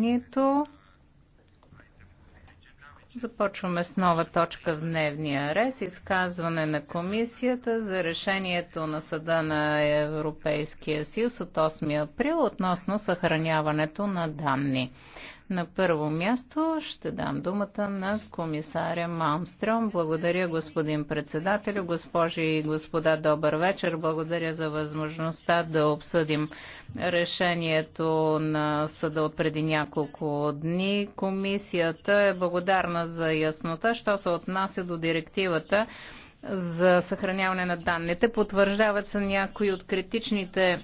заседанието. Започваме с нова точка в дневния рез. Изказване на комисията за решението на Съда на Европейския съюз от 8 април относно съхраняването на данни. На първо място ще дам думата на комисаря Малмстром. Благодаря, господин председател, госпожи и господа, добър вечер. Благодаря за възможността да обсъдим решението на съда от преди няколко дни. Комисията е благодарна за яснота, що се отнася до директивата за съхраняване на данните. Потвърждават се някои от критичните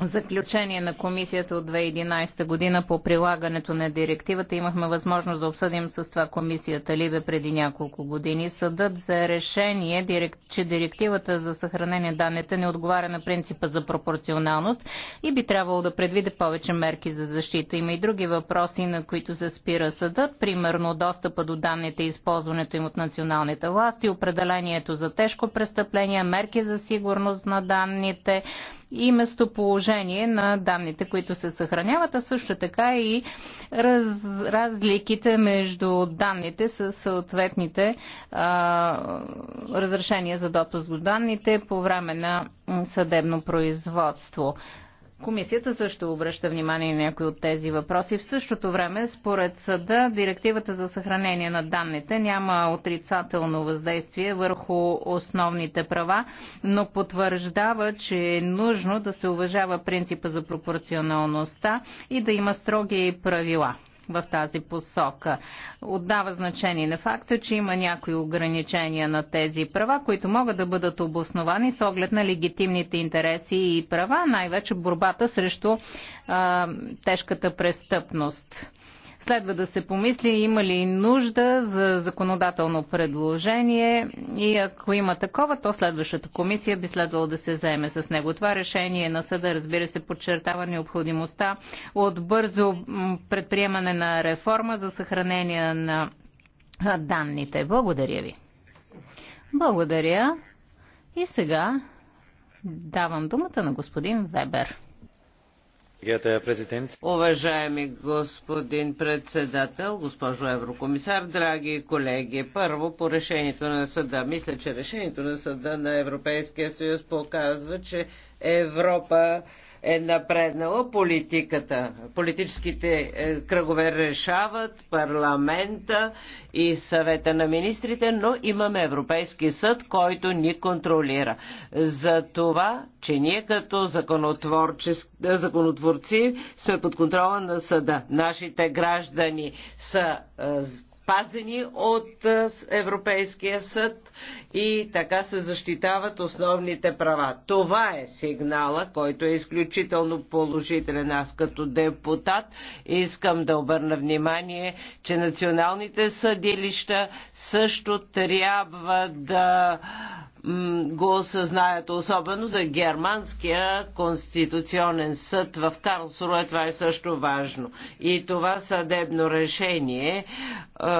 заключение на комисията от 2011 година по прилагането на директивата. Имахме възможност да обсъдим с това комисията Либе преди няколко години. Съдът за решение, че директивата за съхранение данните не отговаря на принципа за пропорционалност и би трябвало да предвиде повече мерки за защита. Има и други въпроси, на които се спира съдът, примерно достъпа до данните и използването им от националните власти, определението за тежко престъпление, мерки за сигурност на данните, и местоположение на данните, които се съхраняват, а също така и раз, разликите между данните с съответните а, разрешения за допуск до данните по време на съдебно производство. Комисията също обръща внимание на някои от тези въпроси. В същото време, според съда, директивата за съхранение на данните няма отрицателно въздействие върху основните права, но потвърждава, че е нужно да се уважава принципа за пропорционалността и да има строги правила в тази посока. Отдава значение на факта, че има някои ограничения на тези права, които могат да бъдат обосновани с оглед на легитимните интереси и права, най-вече борбата срещу а, тежката престъпност. Следва да се помисли има ли нужда за законодателно предложение и ако има такова, то следващата комисия би следвало да се заеме с него. Това решение на съда, разбира се, подчертава необходимостта от бързо предприемане на реформа за съхранение на данните. Благодаря ви. Благодаря. И сега давам думата на господин Вебер. Уважаеми господин председател, госпожо еврокомисар, драги колеги, първо по решението на съда. Мисля, че решението на съда на Европейския съюз показва, че Европа е напреднала политиката. Политическите е, кръгове решават, парламента и съвета на министрите, но имаме Европейски съд, който ни контролира. За това, че ние като законотворци сме под контрола на съда. Нашите граждани са е, пазени от Европейския съд и така се защитават основните права. Това е сигнала, който е изключително положителен. Аз като депутат искам да обърна внимание, че националните съдилища също трябва да го осъзнаят, особено за Германския конституционен съд в Карлсруе. Това е също важно. И това съдебно решение е,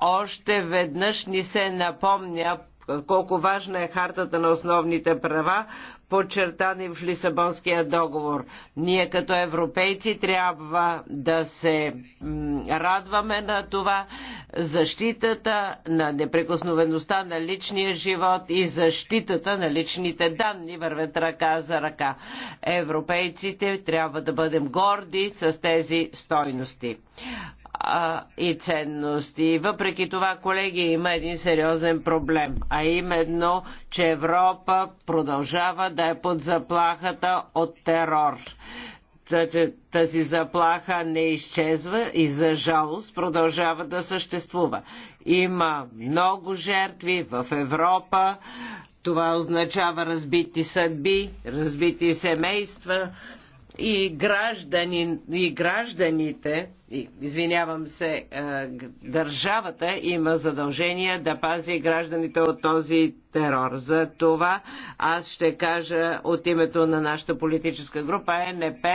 още веднъж ни се напомня колко важна е хартата на основните права, подчертани в Лисабонския договор. Ние като европейци трябва да се радваме на това защитата на неприкосновеността на личния живот и защитата на личните данни вървят ръка за ръка. Европейците трябва да бъдем горди с тези стойности и ценности. Въпреки това, колеги, има един сериозен проблем, а именно, че Европа продължава да е под заплахата от терор тази заплаха не изчезва и за жалост продължава да съществува. Има много жертви в Европа. Това означава разбити съдби, разбити семейства, и, граждани, и гражданите, и, извинявам се, държавата има задължение да пази гражданите от този терор. За това аз ще кажа от името на нашата политическа група е НП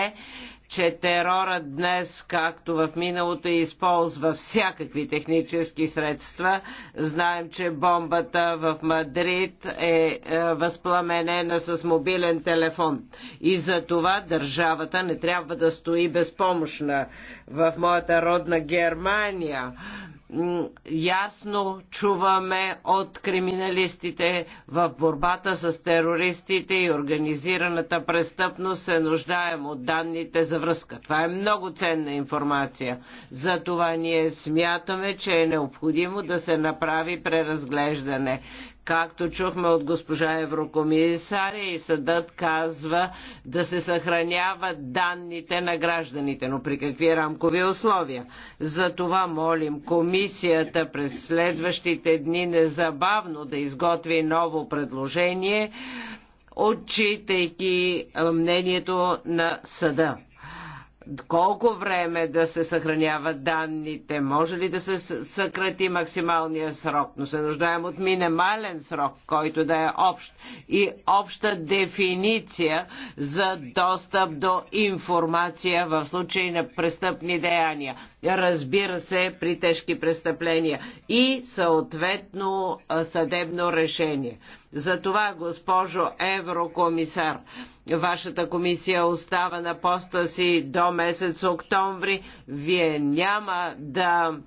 че терорът днес, както в миналото, използва всякакви технически средства. Знаем, че бомбата в Мадрид е, е възпламенена с мобилен телефон. И за това държавата не трябва да стои безпомощна. В моята родна Германия ясно чуваме от криминалистите в борбата с терористите и организираната престъпност се нуждаем от данните за връзка. Това е много ценна информация. Затова ние смятаме, че е необходимо да се направи преразглеждане. Както чухме от госпожа Еврокомисаря и съдът казва да се съхраняват данните на гражданите, но при какви рамкови условия. За това молим комисията през следващите дни незабавно да изготви ново предложение, отчитайки мнението на съда колко време да се съхраняват данните, може ли да се съкрати максималния срок, но се нуждаем от минимален срок, който да е общ и обща дефиниция за достъп до информация в случай на престъпни деяния. Разбира се, при тежки престъпления и съответно съдебно решение. Затова, госпожо Еврокомисар, Вашата комисия остава на поста си до месец октомври. Вие няма да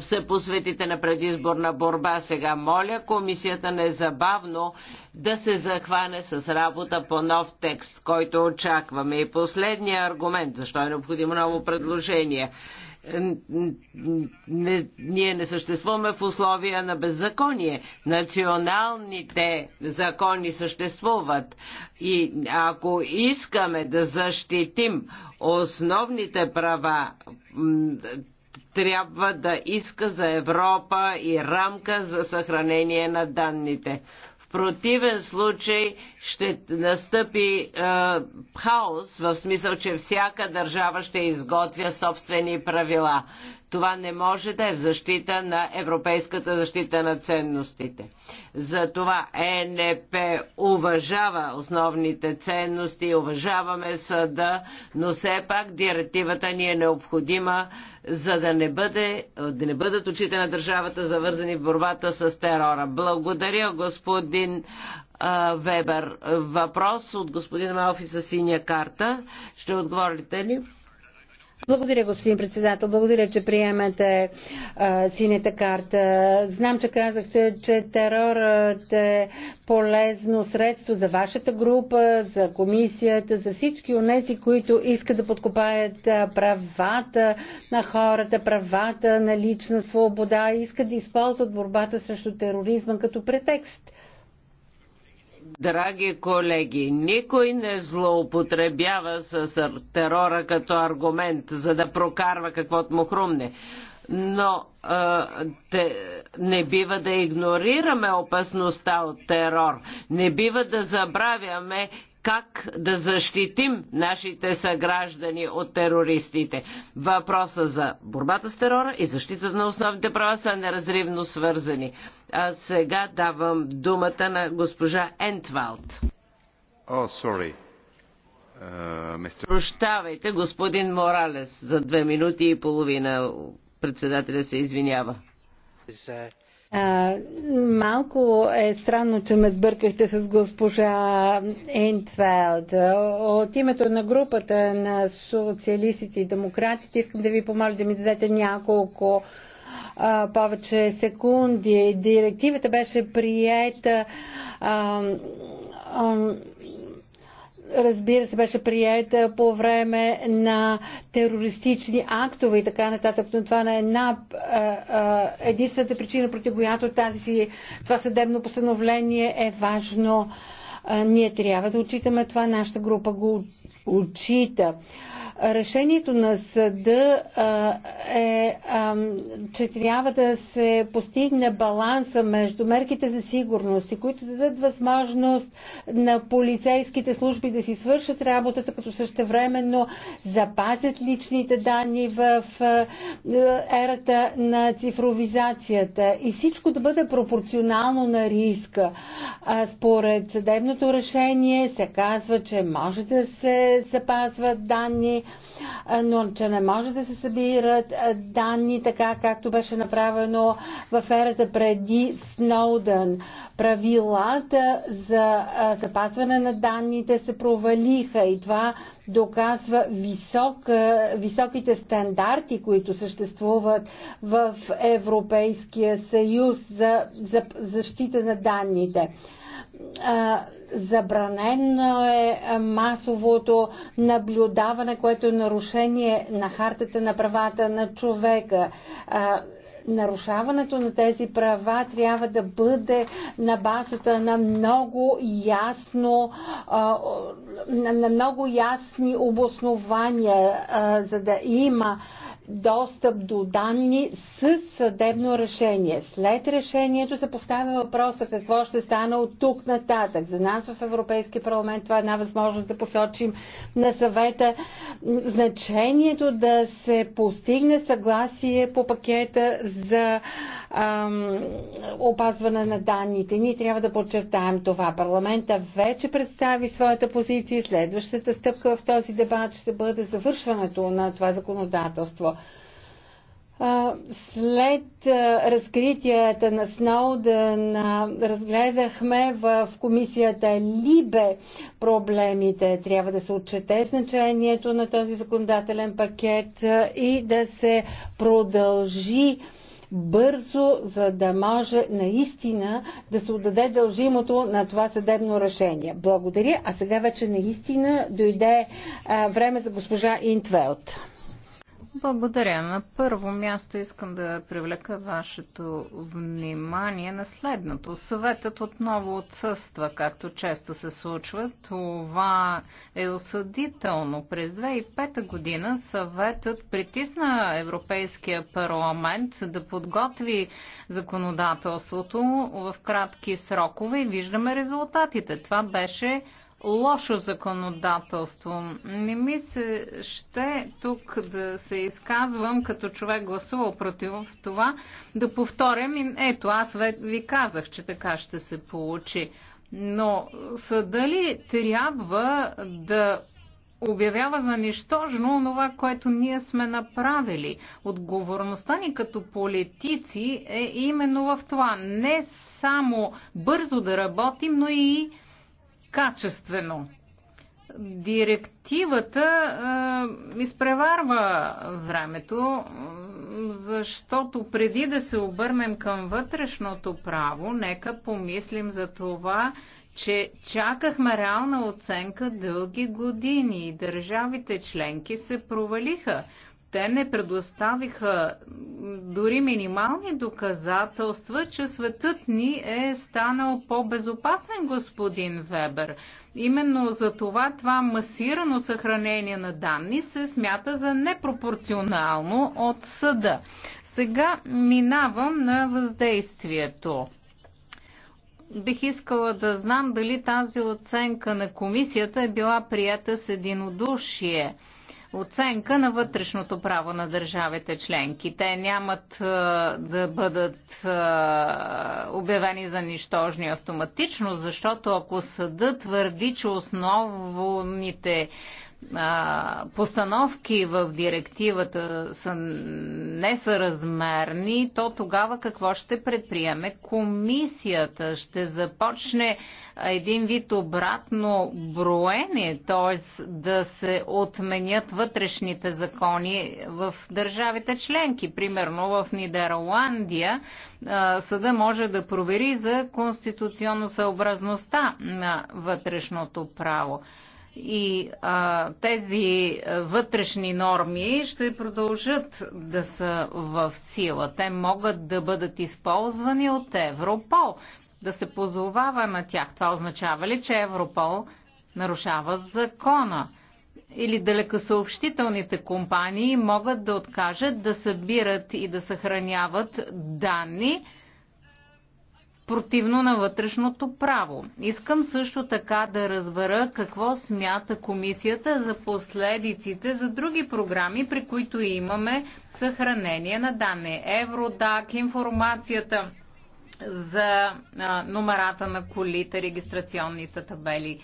се посветите на предизборна борба. Сега моля комисията незабавно да се захване с работа по нов текст, който очакваме. И последния аргумент, защо е необходимо ново предложение не, ние не съществуваме в условия на беззаконие. Националните закони съществуват. И ако искаме да защитим основните права, трябва да иска за Европа и рамка за съхранение на данните противен случай ще настъпи е, хаос, в смисъл, че всяка държава ще изготвя собствени правила. Това не може да е в защита на европейската защита на ценностите. Затова ЕНП уважава основните ценности, уважаваме съда, но все пак директивата ни е необходима, за да не, бъде, да не бъдат очите на държавата завързани в борбата с терора. Благодаря, господин Вебер. Въпрос от господин Малфи с синя карта. Ще отговорите ли? Благодаря, господин председател. Благодаря, че приемате а, синята карта. Знам, че казахте, че терорът е полезно средство за вашата група, за комисията, за всички онези, които искат да подкопаят правата на хората, правата на лична свобода и искат да използват борбата срещу тероризма като претекст. Драги колеги, никой не злоупотребява с терора като аргумент, за да прокарва каквото му хрумне но а, те, не бива да игнорираме опасността от терор. Не бива да забравяме, как да защитим нашите съграждани от терористите. Въпроса за борбата с терора и защитата на основните права са неразривно свързани. А сега давам думата на госпожа Ентвалд. Прощавайте, е, oh, uh, Прощавайте, господин Моралес, за две минути и половина председателя се извинява. А, малко е странно, че ме сбъркахте с госпожа Ентфелд. От името на групата на социалистите и демократите искам да ви помоля да ми дадете няколко а, повече секунди. Директивата беше приета а, а, разбира се, беше приета по време на терористични актове и така нататък, но това не е една единствената причина, против която тази, това съдебно постановление е важно. Ние трябва да отчитаме това, нашата група го отчита. Решението на съда е, че трябва да се постигне баланса между мерките за сигурност и които дадат възможност на полицейските служби да си свършат работата, като същевременно запазят личните данни в ерата на цифровизацията и всичко да бъде пропорционално на риска. Според съдебното решение се казва, че може да се запазват данни, но че не може да се събират данни така, както беше направено в ерата преди Сноудън. Правилата за запазване на данните се провалиха и това доказва висок, високите стандарти, които съществуват в Европейския съюз за, за защита на данните забранено е масовото наблюдаване, което е нарушение на хартата на правата на човека нарушаването на тези права трябва да бъде на базата на много ясно на много ясни обоснования, за да има достъп до данни с съдебно решение. След решението се поставя въпроса какво ще стане от тук нататък. За нас в Европейския парламент това е една възможност да посочим на съвета значението да се постигне съгласие по пакета за опазване на данните. Ние трябва да подчертаем това. Парламента вече представи своята позиция. Следващата стъпка в този дебат ще бъде завършването на това законодателство. След разкритията на Сноуден разгледахме в комисията Либе проблемите. Трябва да се отчете значението на този законодателен пакет и да се продължи бързо, за да може наистина да се отдаде дължимото на това съдебно решение. Благодаря. А сега вече наистина дойде време за госпожа Интвелт. Благодаря. На първо място искам да привлека вашето внимание на следното. Съветът отново отсъства, както често се случва. Това е осъдително. През 2005 година съветът притисна Европейския парламент да подготви законодателството в кратки срокове и виждаме резултатите. Това беше лошо законодателство. Не ми се ще тук да се изказвам като човек гласувал против това, да повторям, ето аз ви казах, че така ще се получи. Но са дали трябва да обявява за нищожно това, което ние сме направили. Отговорността ни като политици е именно в това. Не само бързо да работим, но и качествено. Директивата е, изпреварва времето, защото преди да се обърнем към вътрешното право, нека помислим за това, че чакахме реална оценка дълги години и държавите членки се провалиха те не предоставиха дори минимални доказателства, че светът ни е станал по-безопасен, господин Вебер. Именно за това това масирано съхранение на данни се смята за непропорционално от съда. Сега минавам на въздействието. Бих искала да знам дали тази оценка на комисията е била прията с единодушие оценка на вътрешното право на държавите членки. Те нямат е, да бъдат е, обявени за нищожни автоматично, защото ако съда твърди, че основните а, постановки в директивата са несъразмерни, то тогава какво ще предприеме комисията? Ще започне един вид обратно броене, т.е. да се отменят вътрешните закони в държавите членки. Примерно в Нидерландия съда може да провери за конституционно съобразността на вътрешното право и а, тези вътрешни норми ще продължат да са в сила. Те могат да бъдат използвани от Европол, да се позовава на тях. Това означава ли, че Европол нарушава закона? Или далекосъобщителните компании могат да откажат да събират и да съхраняват данни, противно на вътрешното право. Искам също така да разбера какво смята комисията за последиците за други програми, при които имаме съхранение на данни. Евродак, информацията за номерата на колите, регистрационните табели.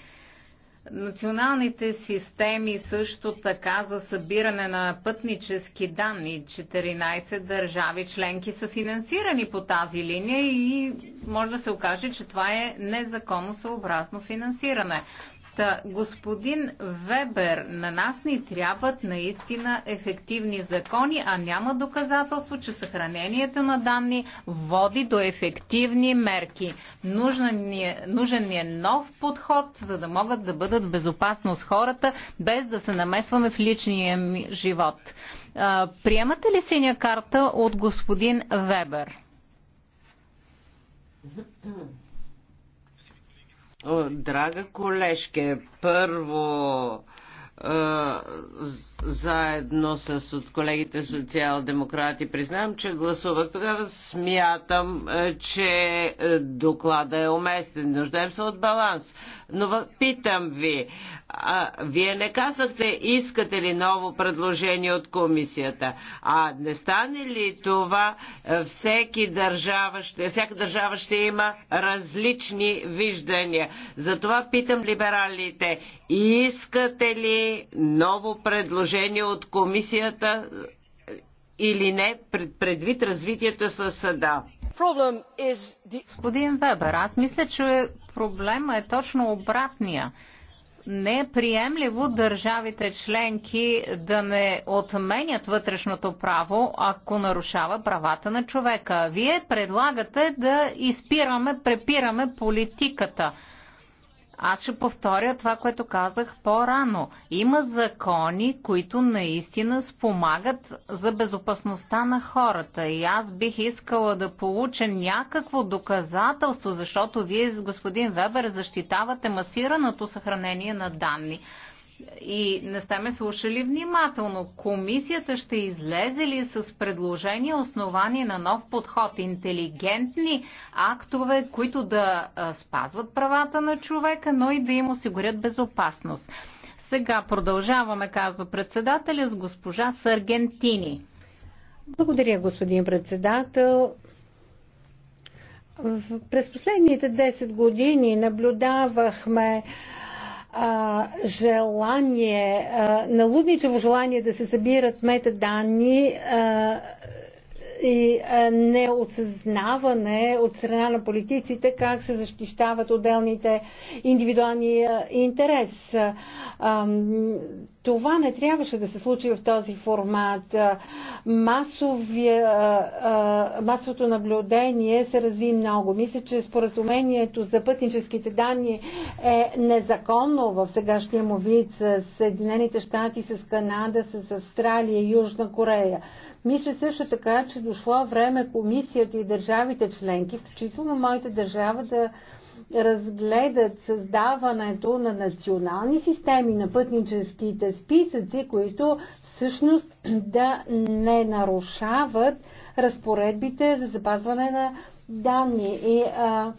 Националните системи също така за събиране на пътнически данни. 14 държави членки са финансирани по тази линия и може да се окаже, че това е незаконно съобразно финансиране. Та, господин Вебер, на нас ни трябват наистина ефективни закони, а няма доказателство, че съхранението на данни води до ефективни мерки. Нужен ни е, нужен ни е нов подход, за да могат да бъдат безопасно с хората, без да се намесваме в личния ми живот. А, приемате ли синя карта от господин Вебер? Драга колежке, първо е, заедно с от колегите социал-демократи. Признавам, че гласувах. Тогава смятам, е, че е, доклада е уместен. Нуждаем се от баланс. Но питам ви, а, вие не казахте искате ли ново предложение от комисията. А не стане ли това, е, всеки държава ще, всяка държава ще има различни виждания. Затова питам либералите, искате ли ново предложение от комисията е, или не, предвид развитието със съда? Господин Вебер, аз мисля, че проблема е точно обратния. Не е приемливо държавите членки да не отменят вътрешното право, ако нарушава правата на човека. Вие предлагате да изпираме, препираме политиката аз ще повторя това, което казах по-рано. Има закони, които наистина спомагат за безопасността на хората. И аз бих искала да получа някакво доказателство, защото вие, господин Вебер, защитавате масираното съхранение на данни и не сте ме слушали внимателно. Комисията ще излезе ли с предложения основани на нов подход? Интелигентни актове, които да спазват правата на човека, но и да им осигурят безопасност. Сега продължаваме, казва председателя, с госпожа Саргентини. Благодаря, господин председател. През последните 10 години наблюдавахме желание, а, налудничево желание да се събират метаданни а, и е, неосъзнаване от страна на политиците как се защищават отделните индивидуални е, интерес. Това не трябваше да се случи в този формат. Масовия, е, масовото наблюдение се разви много. Мисля, че споразумението за пътническите данни е незаконно в сегашния му вид с Съединените щати, с Канада, с Австралия и Южна Корея. Мисля също така, че дошло време комисията и държавите членки, включително моята държава, да разгледат създаването на национални системи на пътническите списъци, които всъщност да не нарушават разпоредбите за запазване на данни. И а,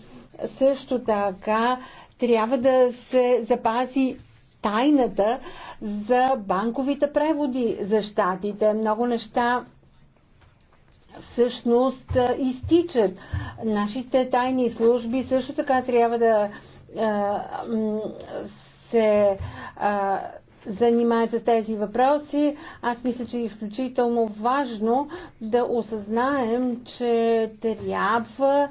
също така трябва да се запази тайната за банковите преводи за щатите. Много неща всъщност изтичат. Нашите тайни служби също така трябва да се занимаят с тези въпроси. Аз мисля, че е изключително важно да осъзнаем, че трябва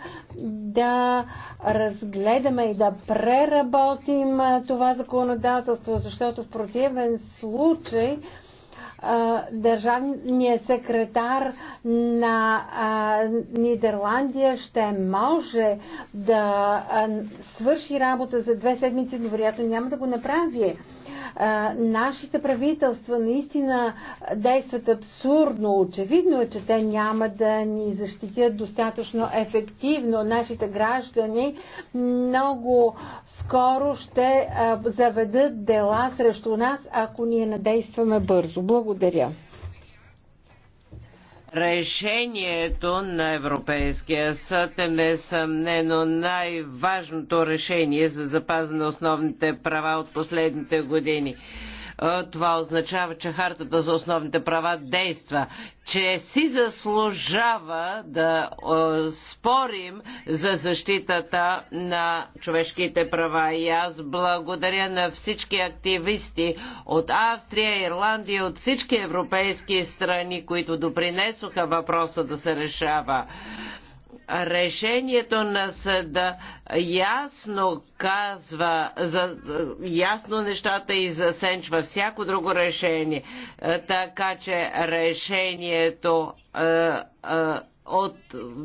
да разгледаме и да преработим това законодателство, защото в противен случай държавният секретар на Нидерландия ще може да свърши работа за две седмици, но вероятно няма да го направи нашите правителства наистина действат абсурдно. Очевидно е, че те няма да ни защитят достатъчно ефективно. Нашите граждани много скоро ще заведат дела срещу нас, ако ние надействаме бързо. Благодаря. Решението на Европейския съд е несъмнено най-важното решение за запазване на основните права от последните години това означава, че хартата за основните права действа, че си заслужава да спорим за защитата на човешките права. И аз благодаря на всички активисти от Австрия, Ирландия, от всички европейски страни, които допринесоха въпроса да се решава решението на съда ясно казва за, ясно нещата и засенчва всяко друго решение. Е, така че решението е, е, от,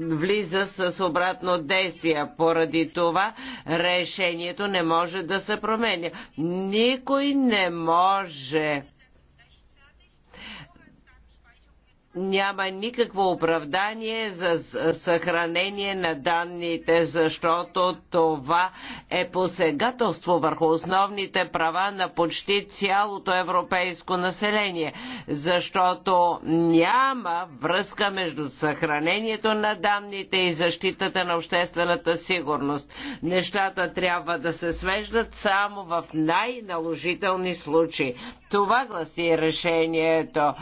влиза с обратно действие. Поради това решението не може да се променя. Никой не може няма никакво оправдание за съхранение на данните, защото това е посегателство върху основните права на почти цялото европейско население, защото няма връзка между съхранението на данните и защитата на обществената сигурност. Нещата трябва да се свеждат само в най-наложителни случаи. Това гласи решението.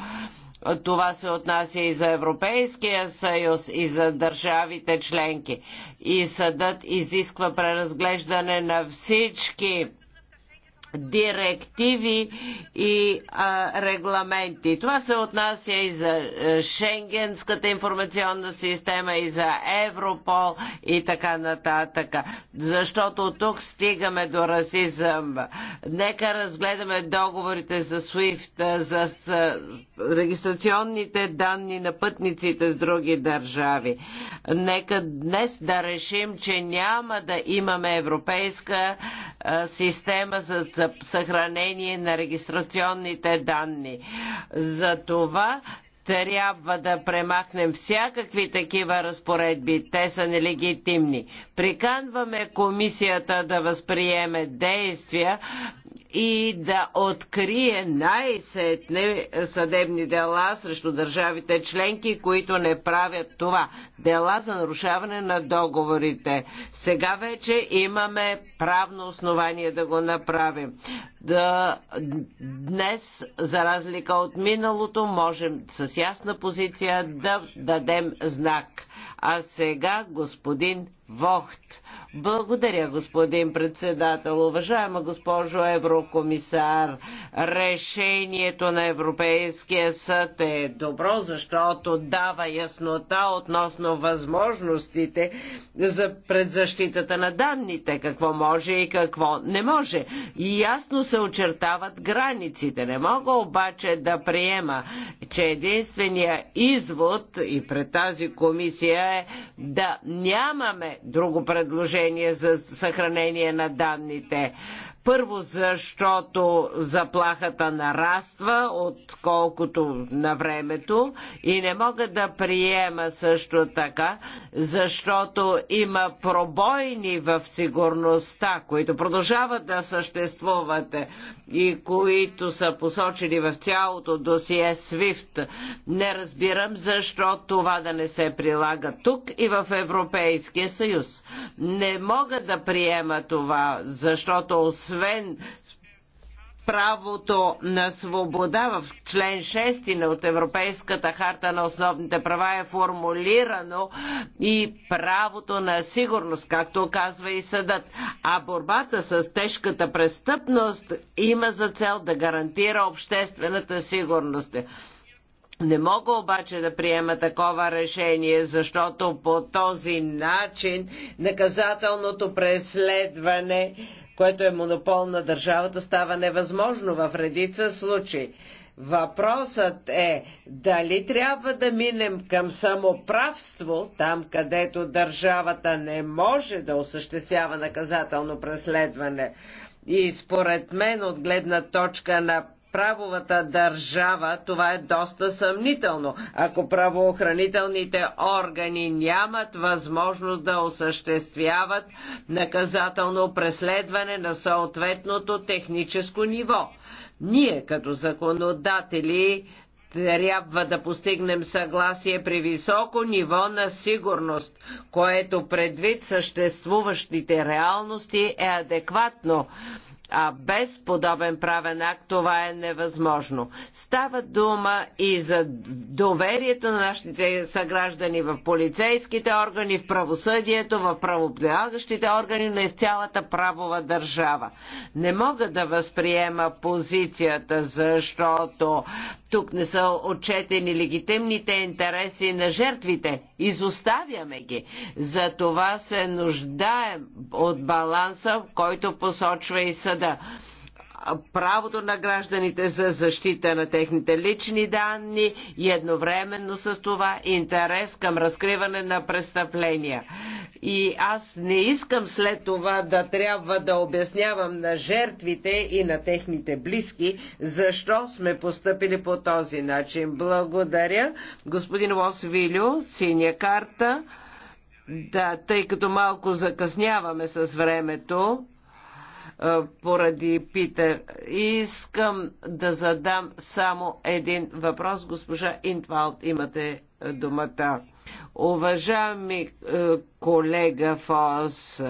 Това се отнася и за Европейския съюз, и за държавите членки. И съдът изисква преразглеждане на всички директиви и а, регламенти. Това се отнася и за е, Шенгенската информационна система, и за Европол и така нататък. Защото тук стигаме до расизъм. Нека разгледаме договорите за SWIFT, е, за с, е, регистрационните данни на пътниците с други държави. Нека днес да решим, че няма да имаме европейска а, система за съхранение на регистрационните данни. За това трябва да премахнем всякакви такива разпоредби. Те са нелегитимни. Приканваме комисията да възприеме действия и да открие най-сетне съдебни дела срещу държавите членки, които не правят това. Дела за нарушаване на договорите. Сега вече имаме правно основание да го направим. Да, днес, за разлика от миналото, можем с ясна позиция да дадем знак. А сега господин Вохт. Благодаря, господин председател. Уважаема госпожо еврокомисар, решението на Европейския съд е добро, защото дава яснота относно възможностите за предзащитата на данните, какво може и какво не може. И ясно се очертават границите. Не мога обаче да приема, че единствения извод и пред тази комисия е да нямаме друго предложение за съхранение на данните. Първо, защото заплахата нараства, отколкото на времето и не мога да приема също така, защото има пробойни в сигурността, които продължават да съществуват и които са посочени в цялото досие SWIFT. Не разбирам защо това да не се прилага тук и в Европейския съюз съюз. Не мога да приема това, защото освен правото на свобода в член 6 от Европейската харта на основните права е формулирано и правото на сигурност, както казва и съдът. А борбата с тежката престъпност има за цел да гарантира обществената сигурност. Не мога обаче да приема такова решение, защото по този начин наказателното преследване, което е монопол на държавата, става невъзможно в редица случаи. Въпросът е дали трябва да минем към самоправство, там където държавата не може да осъществява наказателно преследване. И според мен, от гледна точка на правовата държава, това е доста съмнително. Ако правоохранителните органи нямат възможност да осъществяват наказателно преследване на съответното техническо ниво. Ние като законодатели трябва да постигнем съгласие при високо ниво на сигурност, което предвид съществуващите реалности е адекватно а без подобен правен акт това е невъзможно. Става дума и за доверието на нашите съграждани в полицейските органи, в правосъдието, в правоприлагащите органи, но и в цялата правова държава. Не мога да възприема позицията, защото тук не са отчетени легитимните интереси на жертвите. Изоставяме ги. За това се нуждаем от баланса, който посочва и съд да, правото на гражданите за защита на техните лични данни и едновременно с това интерес към разкриване на престъпления. И аз не искам след това да трябва да обяснявам на жертвите и на техните близки защо сме поступили по този начин. Благодаря. Господин Лосвилю, синя карта. Да, тъй като малко закъсняваме с времето, поради Питер. Искам да задам само един въпрос. Госпожа Интвалд, имате думата. Уважаеми колега Фос,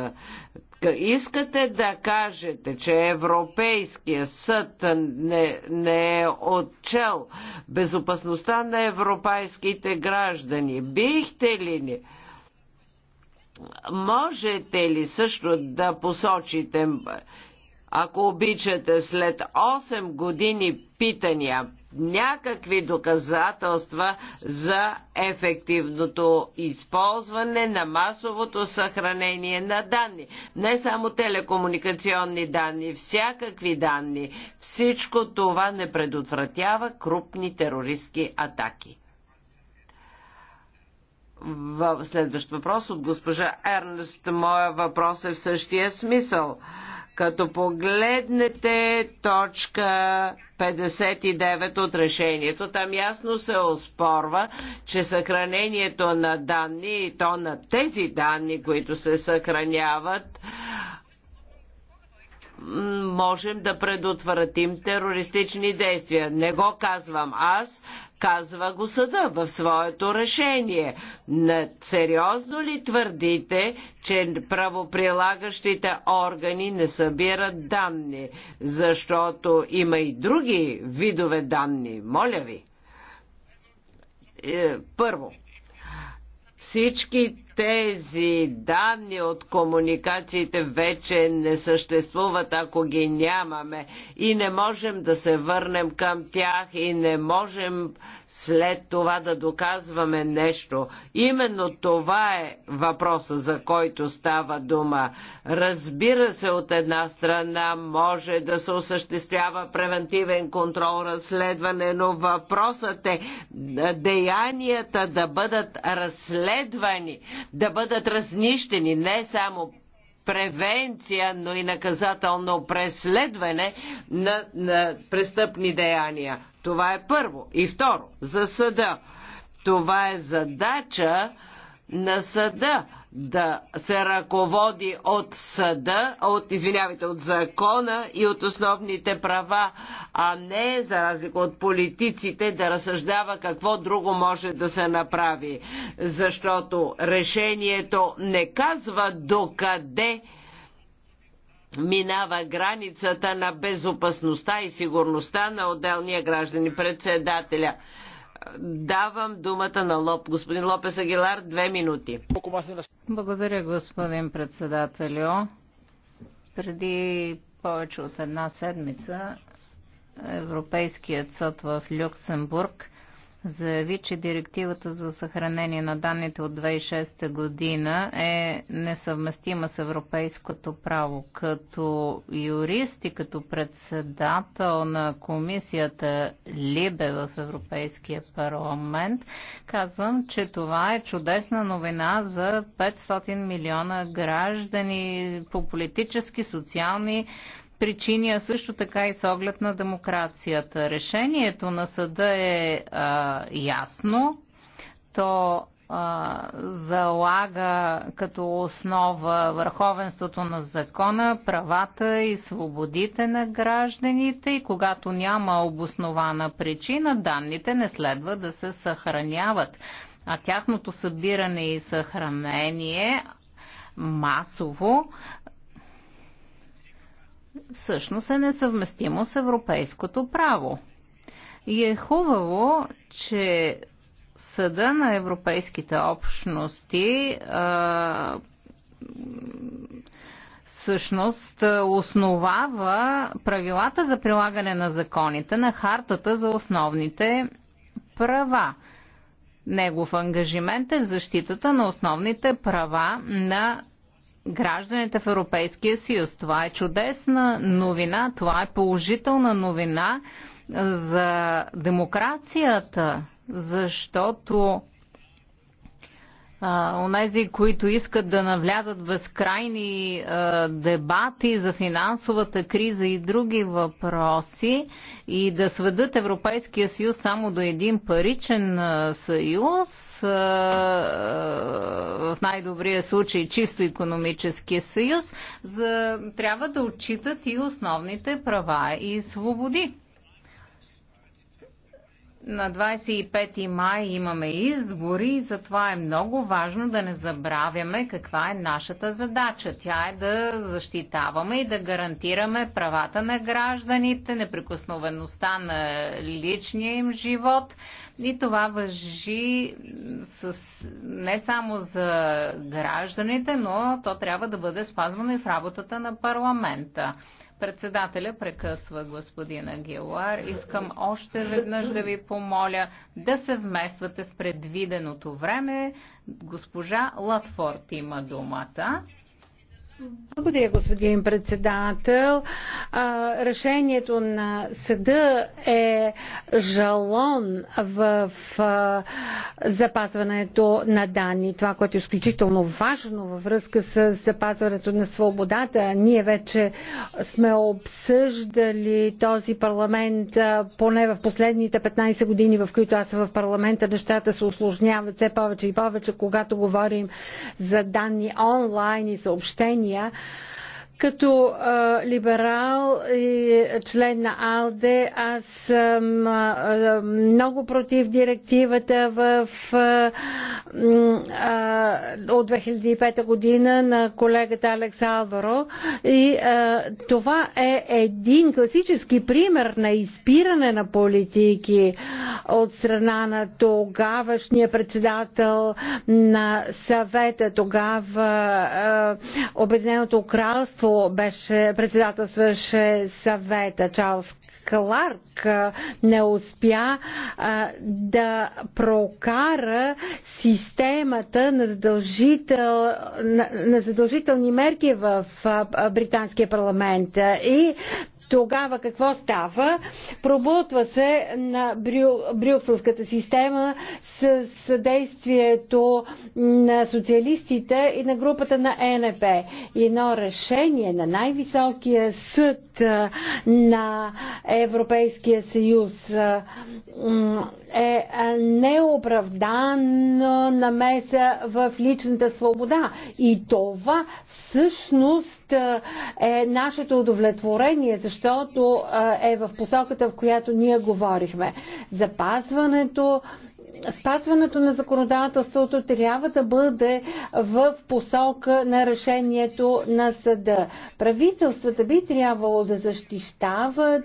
Искате да кажете, че Европейския съд не, не е отчел безопасността на европейските граждани? Бихте ли ни? Можете ли също да посочите, ако обичате, след 8 години питания, някакви доказателства за ефективното използване на масовото съхранение на данни. Не само телекомуникационни данни, всякакви данни. Всичко това не предотвратява крупни терористски атаки. Следващ въпрос от госпожа Ернст. Моя въпрос е в същия смисъл. Като погледнете точка 59 от решението, там ясно се оспорва, че съхранението на данни и то на тези данни, които се съхраняват, можем да предотвратим терористични действия. Не го казвам аз, казва го съда в своето решение. Сериозно ли твърдите, че правоприлагащите органи не събират данни? Защото има и други видове данни. Моля ви. Е, първо, всички тези данни от комуникациите вече не съществуват, ако ги нямаме и не можем да се върнем към тях и не можем след това да доказваме нещо. Именно това е въпроса, за който става дума. Разбира се, от една страна може да се осъществява превентивен контрол, разследване, но въпросът е деянията да бъдат разследвани да бъдат разнищени не само превенция, но и наказателно преследване на, на престъпни деяния. Това е първо. И второ, за съда. Това е задача, на съда да се ръководи от съда, от, извинявайте, от закона и от основните права, а не, за разлика от политиците, да разсъждава какво друго може да се направи. Защото решението не казва докъде минава границата на безопасността и сигурността на отделния граждани председателя. Давам думата на Лоп. Господин Лопес Агилар, две минути. Благодаря, господин председателю. Преди повече от една седмица Европейският съд в Люксембург заяви, че директивата за съхранение на данните от 2006 година е несъвместима с европейското право. Като юрист и като председател на комисията Либе в Европейския парламент, казвам, че това е чудесна новина за 500 милиона граждани по политически, социални, причини, а също така и с оглед на демокрацията. Решението на съда е а, ясно. То залага като основа върховенството на закона, правата и свободите на гражданите и когато няма обоснована причина, данните не следва да се съхраняват. А тяхното събиране и съхранение масово всъщност е несъвместимо с европейското право. И е хубаво, че Съда на европейските общности а, всъщност основава правилата за прилагане на законите на хартата за основните права. Негов ангажимент е защитата на основните права на гражданите в Европейския съюз. Това е чудесна новина, това е положителна новина за демокрацията, защото онези, които искат да навлязат в безкрайни дебати за финансовата криза и други въпроси и да сведат Европейския съюз само до един паричен съюз, в най-добрия случай чисто економически съюз, за, трябва да отчитат и основните права и свободи на 25 май имаме избори и затова е много важно да не забравяме каква е нашата задача. Тя е да защитаваме и да гарантираме правата на гражданите, неприкосновеността на личния им живот, и това въжи с, не само за гражданите, но то трябва да бъде спазвано и в работата на парламента. Председателя прекъсва господина Гелуар. Искам още веднъж да ви помоля да се вмествате в предвиденото време. Госпожа Латфорд има думата. Благодаря, господин председател. Решението на съда е жалон в запазването на данни. Това, което е изключително важно във връзка с запазването на свободата. Ние вече сме обсъждали този парламент поне в последните 15 години, в които аз съм в парламента. Нещата се осложняват все повече и повече, когато говорим за данни онлайн и съобщения Германия като а, либерал и член на АЛДЕ, аз съм а, много против директивата в, а, а, от 2005 година на колегата Алекс Алваро. И а, това е един класически пример на изпиране на политики от страна на тогавашния председател на съвета, тогава Обединеното кралство беше председателстваше съвета Чарлз Кларк не успя а, да прокара системата на, задължител, на, на задължителни мерки в а, британския парламент. И тогава какво става? Пробутва се на брю, брюкселската система с съдействието на социалистите и на групата на ЕНП. Едно решение на най-високия съд на Европейския съюз е на намеса в личната свобода. И това всъщност е нашето удовлетворение, защото е в посоката, в която ние говорихме. Запазването спазването на законодателството трябва да бъде в посока на решението на съда. Правителствата би трябвало да защищават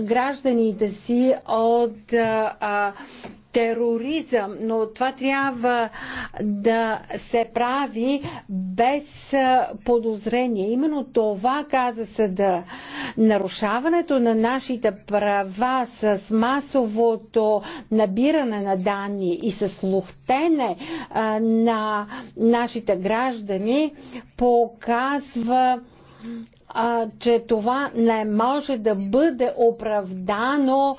гражданите си от тероризъм, но това трябва да се прави без подозрение. Именно това каза съда. Нарушаването на нашите права с масовото набиране на данни и с лухтене на нашите граждани показва а, че това не може да бъде оправдано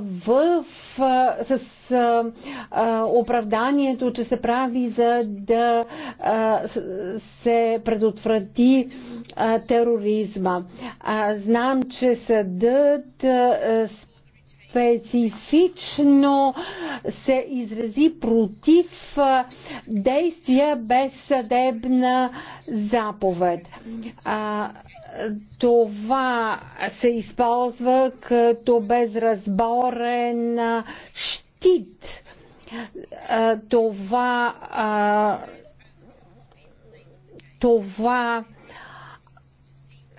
в, а, с а, оправданието, че се прави за да а, се предотврати а, тероризма. А, знам, че съдът а, специфично се изрази против действия без съдебна заповед. А, това се използва като безразборен щит. А, това а, това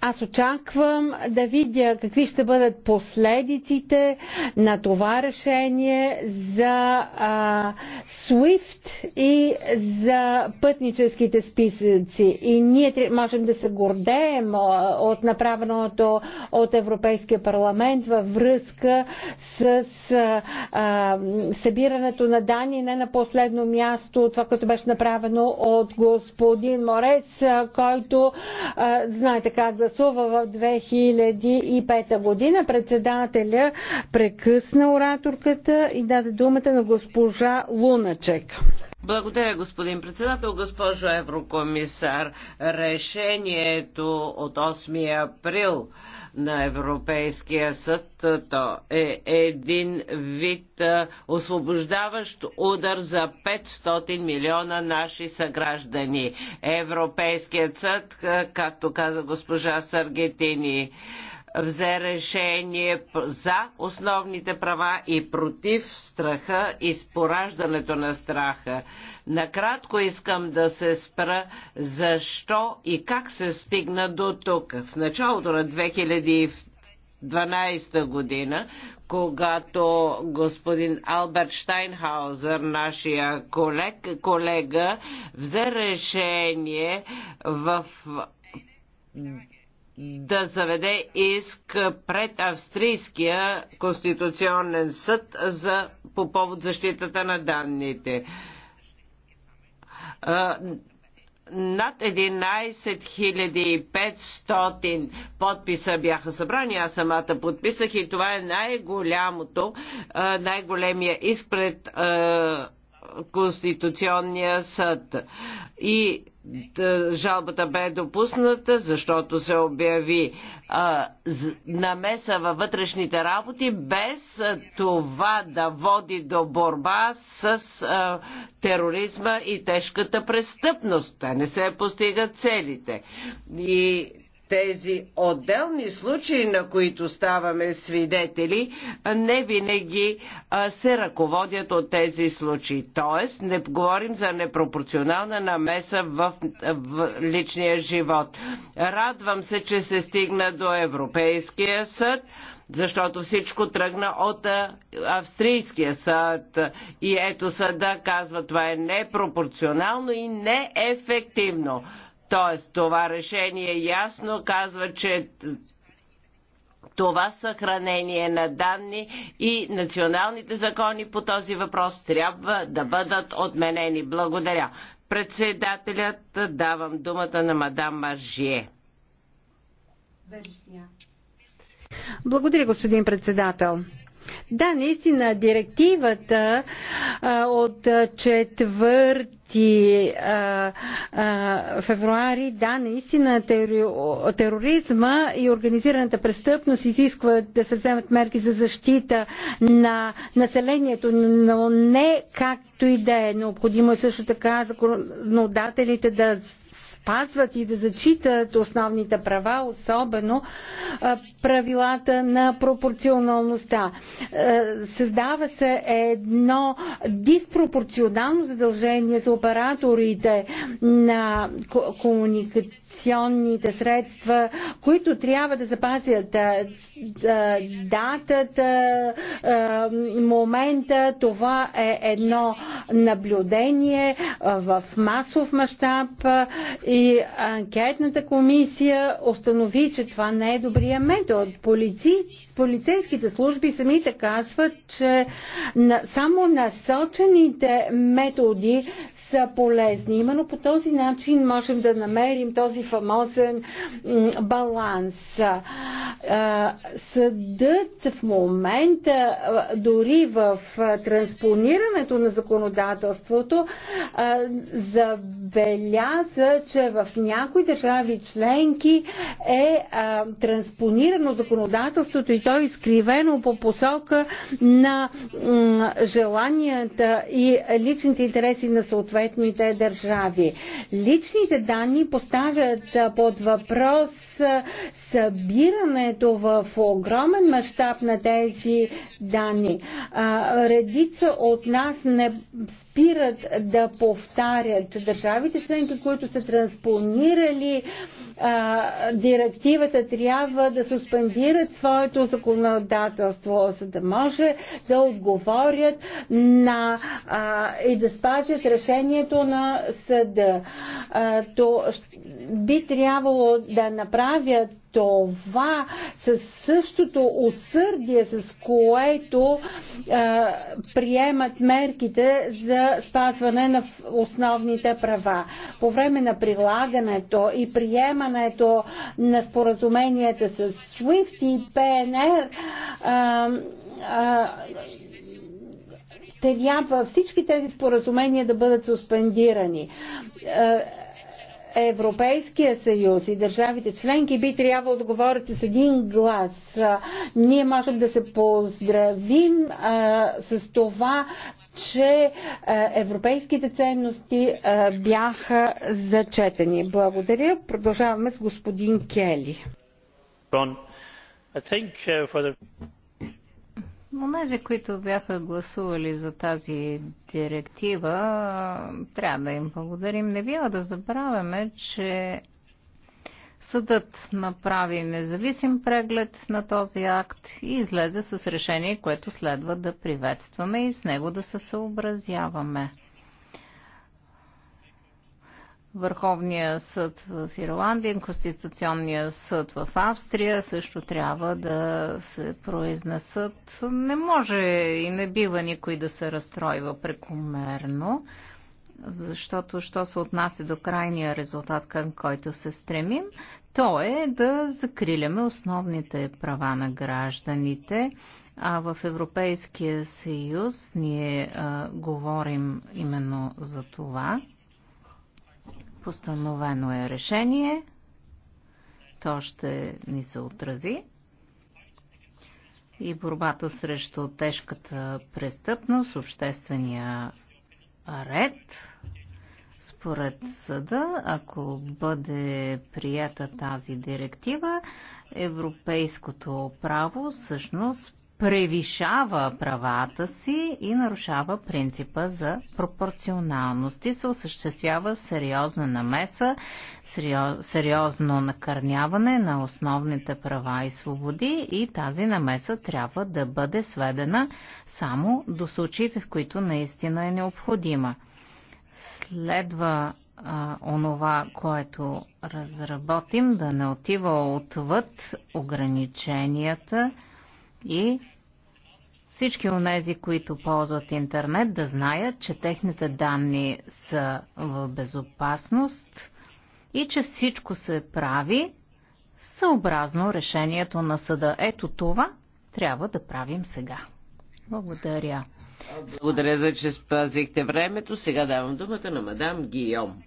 аз очаквам да видя какви ще бъдат последиците на това решение за а, SWIFT и за пътническите списъци. И ние можем да се гордеем от направеното от Европейския парламент във връзка с а, събирането на данни не на последно място, това, което беше направено от господин Морец, който, а, знаете как да гласува в 2005 година. Председателя прекъсна ораторката и даде думата на госпожа Луначек. Благодаря, господин председател, госпожо еврокомисар. Решението от 8 април на Европейския съд то е един вид освобождаващ удар за 500 милиона наши съграждани. Европейският съд, както каза госпожа Саргетини, взе решение за основните права и против страха и спораждането на страха. Накратко искам да се спра защо и как се стигна до тук. В началото на 2012 година, когато господин Алберт Штайнхаузер, нашия колег, колега, взе решение в да заведе иск пред Австрийския конституционен съд за, по повод защитата на данните. Над 11 500 подписа бяха събрани, аз самата подписах и това е най-голямото, най-големия иск пред Конституционния съд. И е, жалбата бе допусната, защото се обяви а, е, намеса във вътрешните работи, без е, това да води до борба с а, тероризма и тежката престъпност. Те не се постигат целите. И тези отделни случаи, на които ставаме свидетели, не винаги се ръководят от тези случаи. Тоест, не говорим за непропорционална намеса в, в личния живот. Радвам се, че се стигна до Европейския съд защото всичко тръгна от австрийския съд. И ето съда казва, това е непропорционално и неефективно. Тоест, това решение ясно казва, че това съхранение на данни и националните закони по този въпрос трябва да бъдат отменени. Благодаря. Председателят давам думата на мадам Маржие. Благодаря, господин председател. Да, наистина, директивата а, от четвърт февруари, да, наистина тероризма и организираната престъпност изискват да се вземат мерки за защита на населението, но не както и да е. Необходимо е също така законодателите да спазват и да зачитат основните права, особено правилата на пропорционалността. Създава се едно диспропорционално задължение за операторите на комуникация инвестиционните средства, които трябва да запазят датата, момента. Това е едно наблюдение в масов мащаб и анкетната комисия установи, че това не е добрия метод. Полици, полицейските служби самите казват, че само насочените методи са полезни. Именно по този начин можем да намерим този фамозен баланс. Съдът в момента, дори в транспонирането на законодателството, забеляза, че в някои държави членки е транспонирано законодателството и то е изкривено по посока на желанията и личните интереси на съответствие съответните държави. Личните данни поставят под въпрос събирането в огромен мащаб на тези данни. Редица от нас не спират да повтарят държавите членки, които са транспонирали а, директивата, трябва да суспендират своето законодателство, за да може да отговорят на а, и да спазят решението на съда. А, то би трябвало да направят това със същото усърдие, с което а, приемат мерките за спазване на основните права. По време на прилагането и приемането на споразуменията с SWIFT и ПНР, а, а, трябва всички тези споразумения да бъдат суспендирани. Европейския съюз и държавите членки би трябвало да говорят с един глас. Ние можем да се поздравим а, с това, че а, европейските ценности а, бяха зачетени. Благодаря. Продължаваме с господин Кели. Uh, Онези, които бяха гласували за тази директива, трябва да им благодарим. Не бива да забравяме, че съдът направи независим преглед на този акт и излезе с решение, което следва да приветстваме и с него да се съобразяваме. Върховния съд в Ирландия, Конституционния съд в Австрия също трябва да се произнесат. Не може и не бива никой да се разстройва прекомерно, защото що се отнася до крайния резултат, към който се стремим, то е да закриляме основните права на гражданите, а в Европейския съюз ние а, говорим именно за това Постановено е решение. То ще ни се отрази. И борбата срещу тежката престъпност, обществения ред, според съда, ако бъде прията тази директива, европейското право всъщност превишава правата си и нарушава принципа за пропорционалност и се осъществява сериозна намеса, сериозно накърняване на основните права и свободи и тази намеса трябва да бъде сведена само до случаите, в които наистина е необходима. Следва а, онова, което разработим, да не отива отвъд ограниченията – и всички тези, които ползват интернет, да знаят, че техните данни са в безопасност и че всичко се прави съобразно решението на съда. Ето това трябва да правим сега. Благодаря. Благодаря за, че спазихте времето. Сега давам думата на мадам Гийом.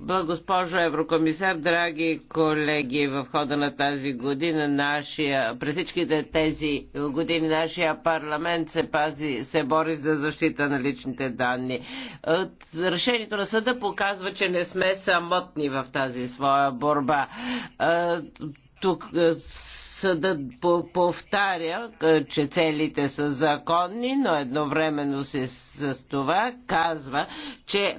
Благоспожо Еврокомисар, драги колеги, в хода на тази година нашия, през всичките тези години нашия парламент се пази, се бори за защита на личните данни. От решението на съда показва, че не сме самотни в тази своя борба. Тук съдът повтаря, че целите са законни, но едновременно се с това казва, че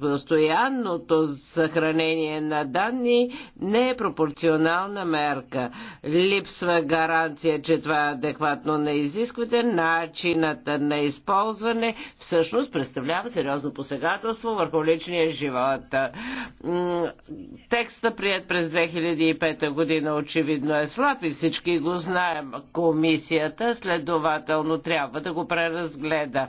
постоянното съхранение на данни не е пропорционална мерка. Липсва гаранция, че това е адекватно на изисквате, начинът на използване всъщност представлява сериозно посегателство върху личния живот. Текста прият през 2005 година очевидно е слаб и всички го знаем. Комисията следователно трябва да го преразгледа.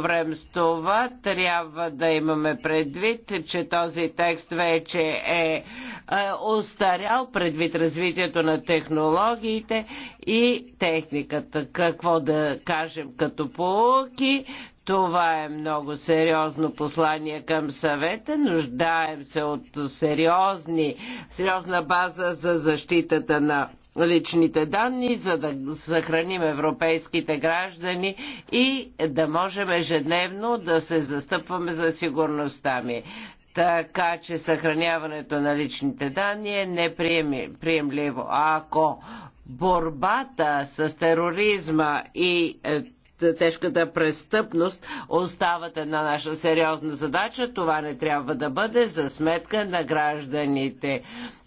време с това трябва да имаме предвид, че този текст вече е, е предвид развитието на технологиите и техниката. Какво да кажем като полуки, това е много сериозно послание към съвета. Нуждаем се от сериозни, сериозна база за защитата на личните данни, за да съхраним европейските граждани и да можем ежедневно да се застъпваме за сигурността ми така че съхраняването на личните данни е неприемливо. А ако борбата с тероризма и е, тежката престъпност остават една наша сериозна задача. Това не трябва да бъде за сметка на гражданите.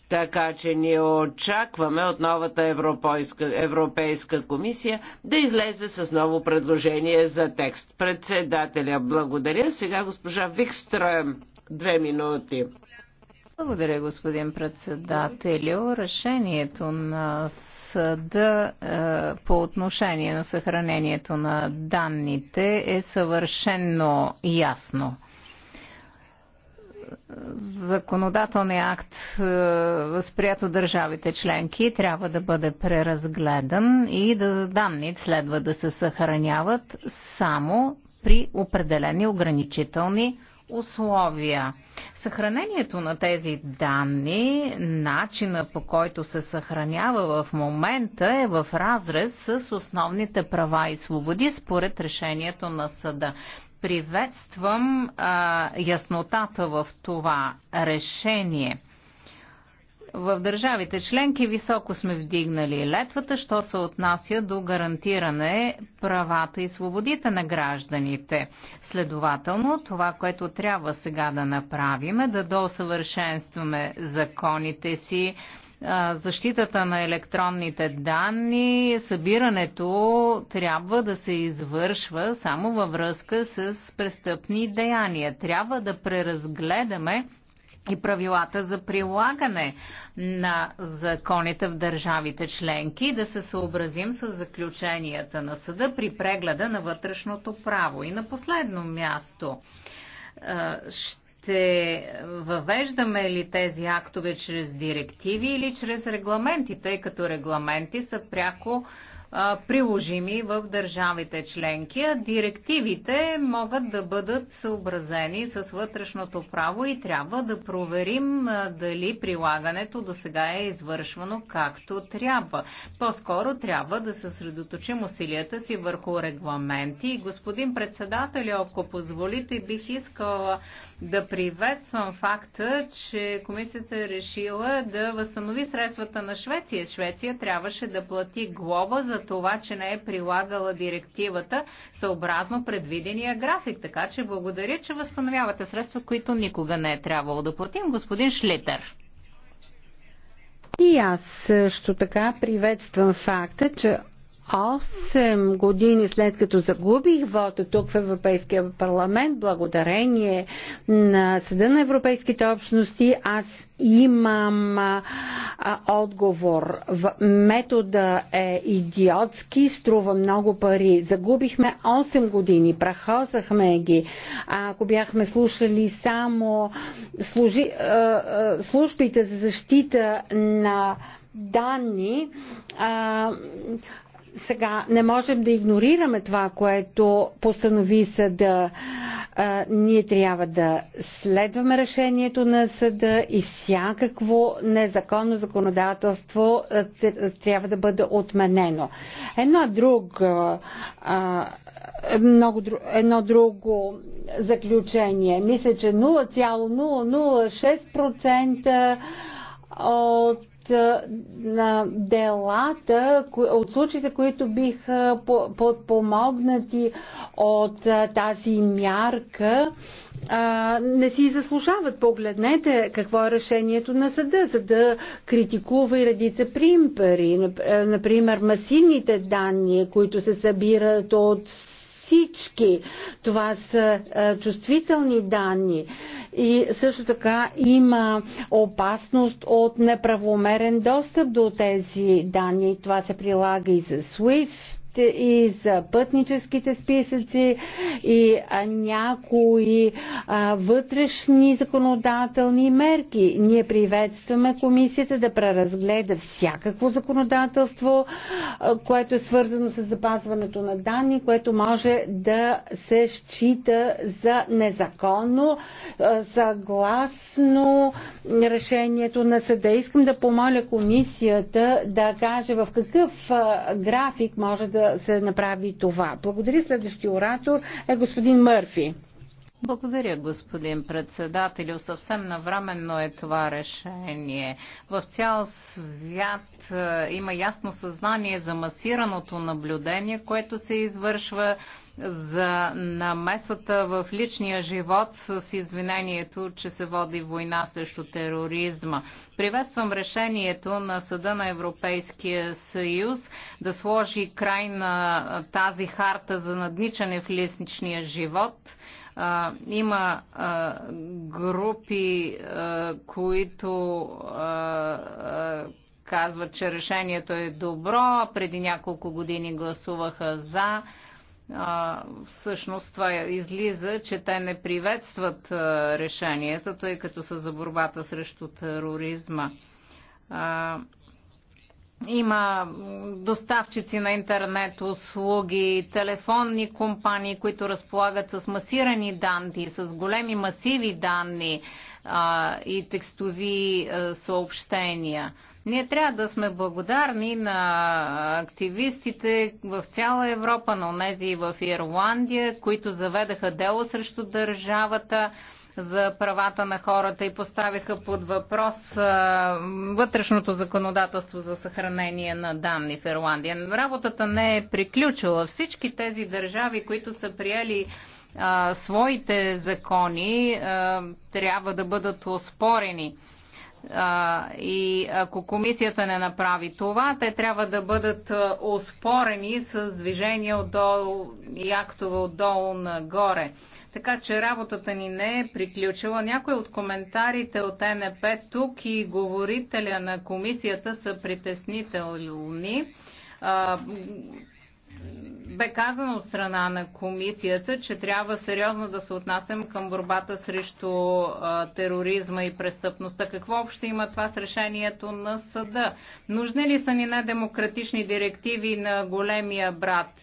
Така че ние очакваме от новата Европейска, Европейска комисия да излезе с ново предложение за текст. Председателя, благодаря. Сега госпожа Викстрем, две минути. Благодаря, господин председател. Решението на съда е, по отношение на съхранението на данните е съвършенно ясно законодателния акт, е, възприят от държавите членки, трябва да бъде преразгледан и да данните следва да се съхраняват само при определени ограничителни условия. Съхранението на тези данни, начина по който се съхранява в момента е в разрез с основните права и свободи според решението на съда. Приветствам а, яснотата в това решение. В държавите членки високо сме вдигнали летвата, що се отнася до гарантиране правата и свободите на гражданите. Следователно, това, което трябва сега да направим е да досъвършенстваме законите си, защитата на електронните данни, събирането трябва да се извършва само във връзка с престъпни деяния. Трябва да преразгледаме и правилата за прилагане на законите в държавите членки да се съобразим с заключенията на съда при прегледа на вътрешното право. И на последно място ще ще въвеждаме ли тези актове чрез директиви или чрез регламенти, тъй като регламенти са пряко приложими в държавите членки. Директивите могат да бъдат съобразени с вътрешното право и трябва да проверим дали прилагането до сега е извършвано както трябва. По-скоро трябва да съсредоточим усилията си върху регламенти. Господин председател, ако позволите, бих искала да приветствам факта, че комисията е решила да възстанови средствата на Швеция. Швеция трябваше да плати глоба за за това, че не е прилагала директивата съобразно предвидения график. Така че благодаря, че възстановявате средства, които никога не е трябвало да платим. Господин Шлитер. И аз също така приветствам факта, че 8 години след като загубих вода тук в Европейския парламент, благодарение на Съда на Европейските общности, аз имам а, отговор. В, метода е идиотски, струва много пари. Загубихме 8 години, прахосахме ги. А, ако бяхме слушали само служи, а, а, службите за защита на данни, а, сега не можем да игнорираме това, което постанови съда. А, ние трябва да следваме решението на съда и всякакво незаконно законодателство трябва да бъде отменено. Едно друго, а, много, едно друго заключение. Мисля, че 0,006% от на делата, от случаите, които биха подпомогнати от тази мярка, не си заслужават. Погледнете какво е решението на съда, за да критикува и редица примпери. Например, масивните данни, които се събират от всички. Това са чувствителни данни и също така има опасност от неправомерен достъп до тези данни. Това се прилага и за SWIFT и за пътническите списъци и някои а, вътрешни законодателни мерки. Ние приветстваме комисията да преразгледа всякакво законодателство, а, което е свързано с запазването на данни, което може да се счита за незаконно, а, съгласно решението на съда. Искам да помоля комисията да каже в какъв график може да се направи това. Благодаря. Следващия оратор е господин Мърфи. Благодаря, господин председател, Съвсем навременно е това решение. В цял свят е, има ясно съзнание за масираното наблюдение, което се извършва за намесата в личния живот с извинението, че се води война срещу тероризма. Приветствам решението на Съда на Европейския съюз да сложи край на тази харта за надничане в личния живот има групи, които казват, че решението е добро, преди няколко години гласуваха за а, всъщност това излиза, че те не приветстват а, решенията, тъй като са за борбата срещу тероризма. А, има доставчици на интернет услуги, телефонни компании, които разполагат с масирани данни, с големи масиви данни а, и текстови а, съобщения. Ние трябва да сме благодарни на активистите в цяла Европа, на онези в Ирландия, които заведаха дело срещу държавата за правата на хората и поставиха под въпрос а, вътрешното законодателство за съхранение на данни в Ирландия. Работата не е приключила. Всички тези държави, които са приели а, своите закони, а, трябва да бъдат оспорени и ако комисията не направи това, те трябва да бъдат оспорени с движение отдолу и актове отдолу нагоре. Така че работата ни не е приключила. Някои от коментарите от НП тук и говорителя на комисията са притеснителни бе казано от страна на комисията, че трябва сериозно да се отнасям към борбата срещу а, тероризма и престъпността. Какво общо има това с решението на съда? Нужни ли са ни недемократични директиви на големия брат?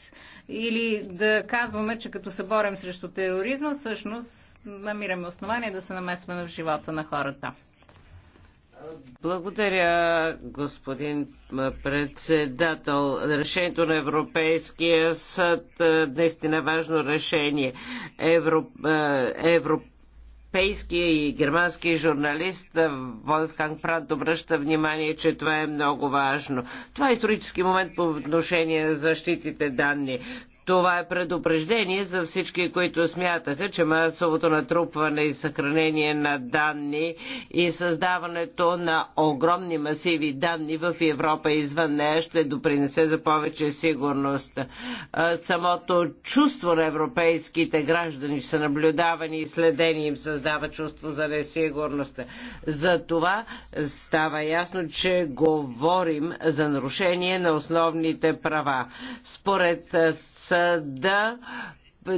Или да казваме, че като се борем срещу тероризма, всъщност намираме основание да се намесваме в живота на хората? Благодаря, господин председател. Решението на Европейския съд е, наистина важно решение. Евро, е, европейски и германски журналист е, Волфганг Прант обръща внимание, че това е много важно. Това е исторически момент по отношение на защитите данни. Това е предупреждение за всички, които смятаха, че масовото натрупване и съхранение на данни и създаването на огромни масиви данни в Европа и извън нея ще допринесе за повече сигурност. Самото чувство на европейските граждани, че са наблюдавани и следени, им създава чувство за несигурност. За това става ясно, че говорим за нарушение на основните права. Според съда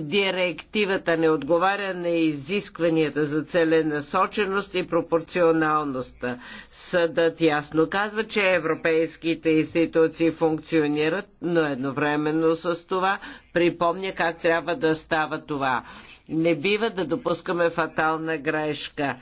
директивата не отговаря на изискванията за целенасоченост и пропорционалност. Съдът ясно казва, че европейските институции функционират, но едновременно с това припомня как трябва да става това. Не бива да допускаме фатална грешка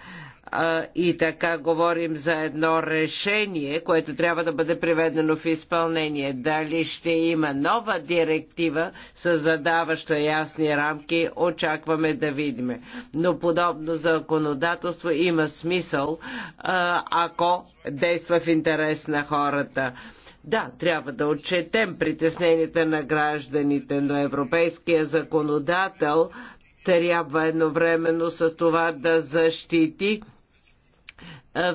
и така говорим за едно решение, което трябва да бъде приведено в изпълнение. Дали ще има нова директива с задаваща ясни рамки, очакваме да видим. Но подобно законодателство има смисъл, ако действа в интерес на хората. Да, трябва да отчетем притесненията на гражданите, но европейския законодател трябва едновременно с това да защити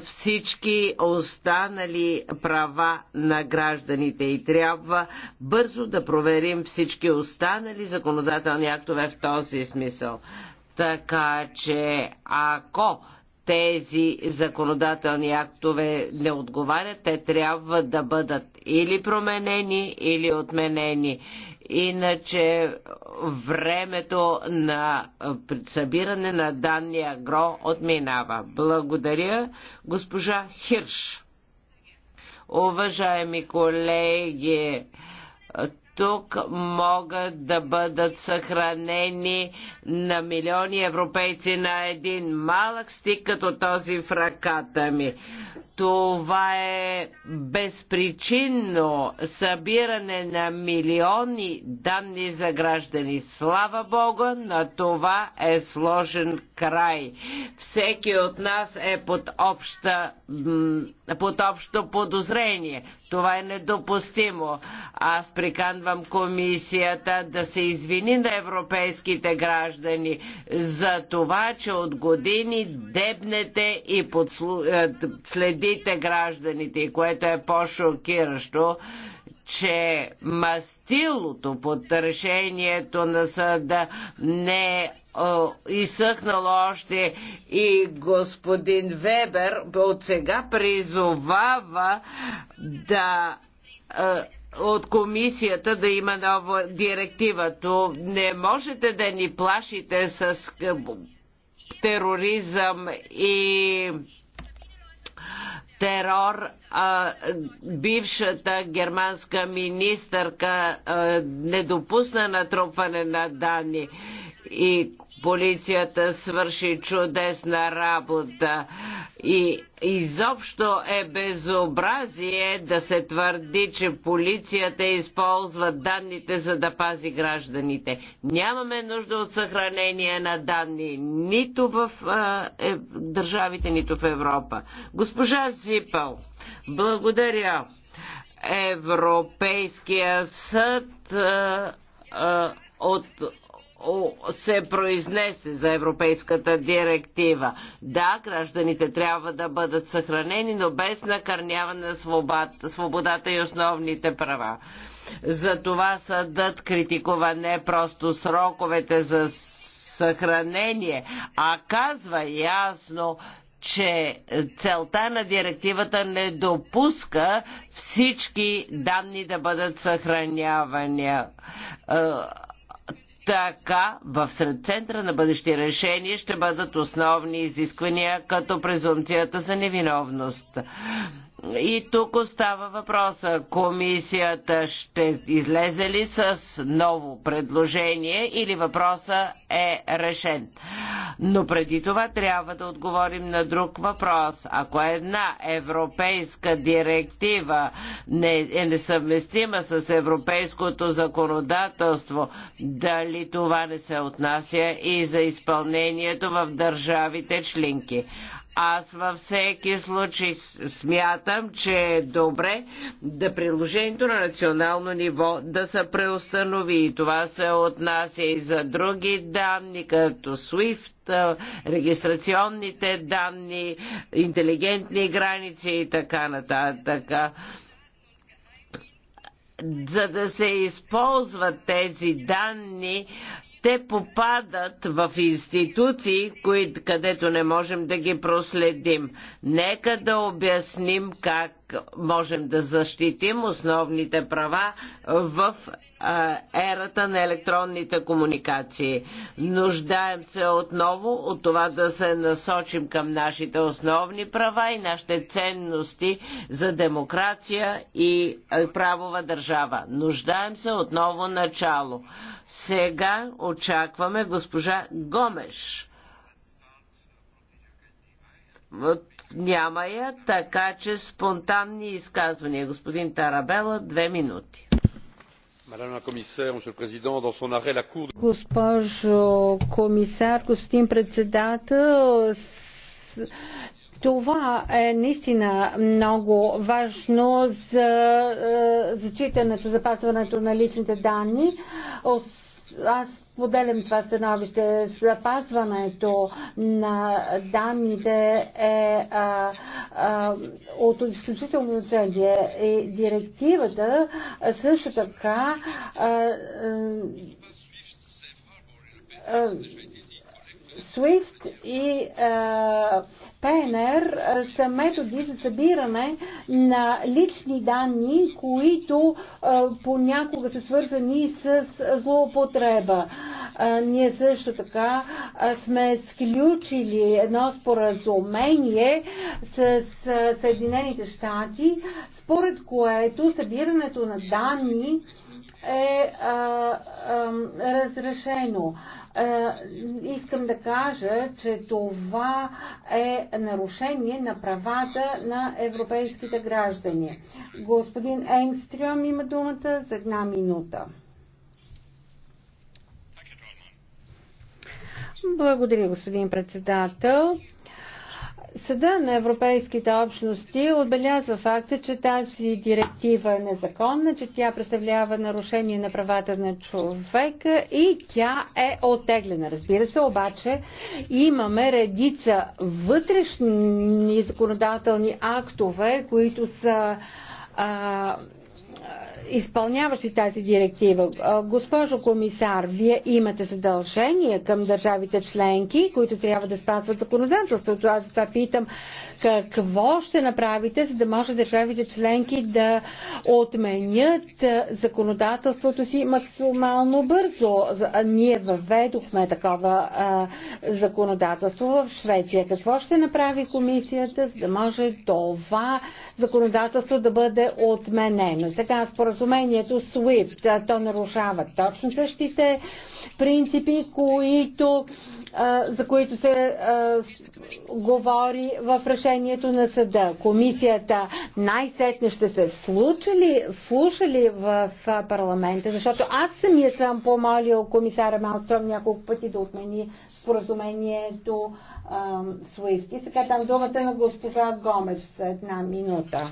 всички останали права на гражданите и трябва бързо да проверим всички останали законодателни актове в този смисъл. Така че ако тези законодателни актове не отговарят, те трябва да бъдат или променени, или отменени. Иначе времето на събиране на данния ГРО отминава. Благодаря, госпожа Хирш. Уважаеми колеги, тук могат да бъдат съхранени на милиони европейци на един малък стик като този в ръката ми. Това е безпричинно събиране на милиони данни за граждани. Слава Богу, на това е сложен край. Всеки от нас е под, обща, под общо подозрение. Това е недопустимо. Аз приканвам комисията да се извини на европейските граждани за това, че от години дебнете и подслу... Е, следите гражданите, което е по-шокиращо че мастилото под решението на съда не е изсъхнало още и господин Вебер от сега призовава да от комисията да има нова директива. То не можете да ни плашите с тероризъм и терор. А, бившата германска министърка а, не допусна натрупване на данни и полицията свърши чудесна работа. И изобщо е безобразие да се твърди, че полицията използва данните за да пази гражданите. Нямаме нужда от съхранение на данни нито в а, е, държавите, нито в Европа. Госпожа Зипал, благодаря. Европейския съд а, а, от се произнесе за Европейската директива. Да, гражданите трябва да бъдат съхранени, но без накърняване на свободата и основните права. Затова съдът критикува не просто сроковете за съхранение, а казва ясно, че целта на директивата не допуска всички данни да бъдат съхранявани. Е, така в центъра на бъдещи решения ще бъдат основни изисквания като презумцията за невиновност. И тук остава въпроса. Комисията ще излезе ли с ново предложение или въпроса е решен? Но преди това трябва да отговорим на друг въпрос. Ако една европейска директива не, е несъвместима с европейското законодателство, дали това не се отнася и за изпълнението в държавите членки? Аз във всеки случай смятам, че е добре да приложението на национално ниво да се преустанови. И това се отнася и за други данни, като SWIFT, регистрационните данни, интелигентни граници и така нататък за да се използват тези данни те попадат в институции, където не можем да ги проследим. Нека да обясним как можем да защитим основните права в ерата на електронните комуникации. Нуждаем се отново от това да се насочим към нашите основни права и нашите ценности за демокрация и правова държава. Нуждаем се отново начало. Сега очакваме госпожа Гомеш няма я, така че спонтанни изказвания. Господин Тарабела, две минути. Госпожо комисар, господин председател, това е наистина много важно за е, зачитането, запазването на личните данни, особено аз поделям това становище. Запазването на данните е а, а, от изключително значение. И директивата също така а, а, SWIFT и а, Пенер са методи за събиране на лични данни, които понякога са свързани с злоупотреба. Ние също така сме сключили едно споразумение с Съединените щати, според което събирането на данни е а, а, разрешено. А, искам да кажа, че това е нарушение на правата на европейските граждани. Господин Енстрюм има думата за една минута. Благодаря, господин председател. Съда на европейските общности отбелязва факта, че тази директива е незаконна, че тя представлява нарушение на правата на човека и тя е оттеглена. Разбира се, обаче имаме редица вътрешни законодателни актове, които са а, изпълняващи тази директива. Госпожо комисар, вие имате задължения към държавите членки, които трябва да спазват законодателството. Аз това питам какво ще направите, за да може държавите членки да отменят законодателството си максимално бързо? Ние въведохме такова а, законодателство в Швеция. Какво ще направи комисията, за да може това законодателство да бъде отменено? Сега споразумението SWIFT, то нарушава точно същите принципи, които, а, за които се а, говори в решението решението на съда. Комисията най-сетне ще се вслушали, вслушали в парламента, защото аз самия съм помолил комисара Малстром няколко пъти да отмени споразумението Суифти. Сега там думата на госпожа Гомеш за една минута.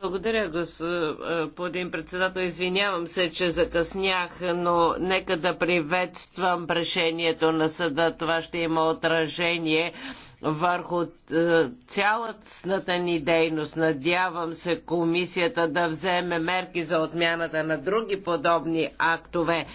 Благодаря. господин председател. Извинявам се, че закъснях, но нека да приветствам решението на съда. Това ще има отражение върху е, цялата ни дейност. Надявам се комисията да вземе мерки за отмяната на други подобни актове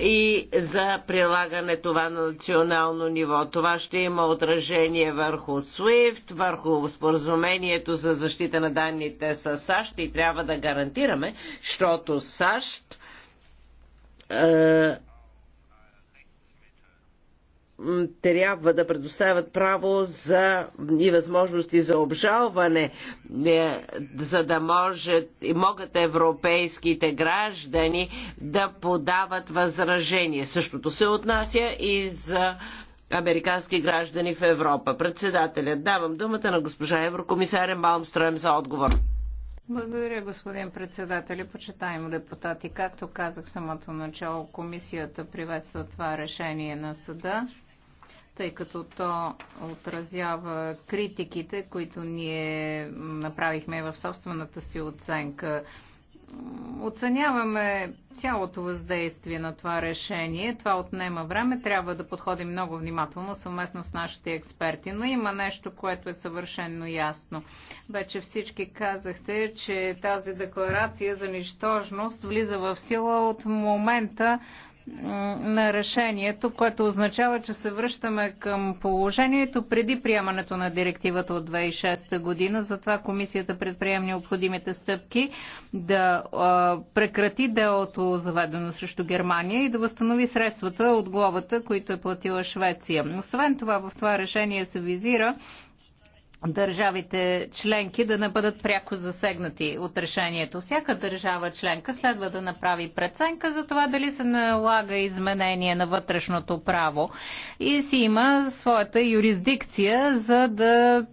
и за прилагане това на национално ниво. Това ще има отражение върху SWIFT, върху споразумението за защита на данните с САЩ и трябва да гарантираме, защото САЩ е, трябва да предоставят право за и възможности за обжалване, е, за да може, и могат европейските граждани да подават възражение. Същото се отнася и за американски граждани в Европа. Председателя, давам думата на госпожа Еврокомисаря Малмстрем за отговор. Благодаря, господин председател. Почитаем депутати, както казах в самото начало, комисията приветства това решение на съда тъй като то отразява критиките, които ние направихме в собствената си оценка. Оценяваме цялото въздействие на това решение. Това отнема време. Трябва да подходим много внимателно съвместно с нашите експерти. Но има нещо, което е съвършенно ясно. Вече всички казахте, че тази декларация за нищожност влиза в сила от момента, на решението, което означава, че се връщаме към положението преди приемането на директивата от 2006 година. Затова комисията предприема необходимите стъпки да прекрати делото заведено срещу Германия и да възстанови средствата от главата, които е платила Швеция. Освен това, в това решение се визира държавите членки да не бъдат пряко засегнати от решението. Всяка държава членка следва да направи преценка за това дали се налага изменение на вътрешното право и си има своята юрисдикция за да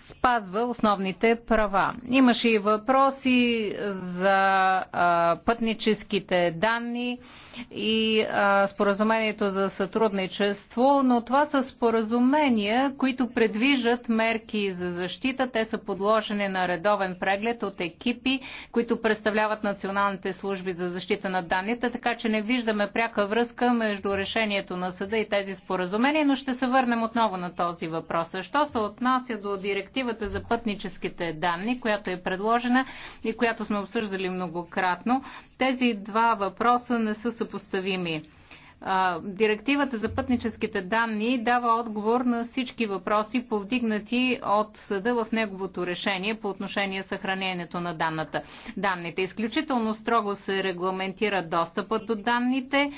спазва основните права. Имаше и въпроси за а, пътническите данни. А, и а, споразумението за сътрудничество, но това са споразумения, които предвижат мерки за защита. Те са подложени на редовен преглед от екипи, които представляват националните служби за защита на данните, така че не виждаме пряка връзка между решението на съда и тези споразумения, но ще се върнем отново на този въпрос. Що се отнася до директивата за пътническите данни, която е предложена и която сме обсъждали многократно, тези два въпроса не са съпоставими. Директивата за пътническите данни дава отговор на всички въпроси, повдигнати от съда в неговото решение по отношение съхранението на данната. данните. Изключително строго се регламентира достъпът до данните.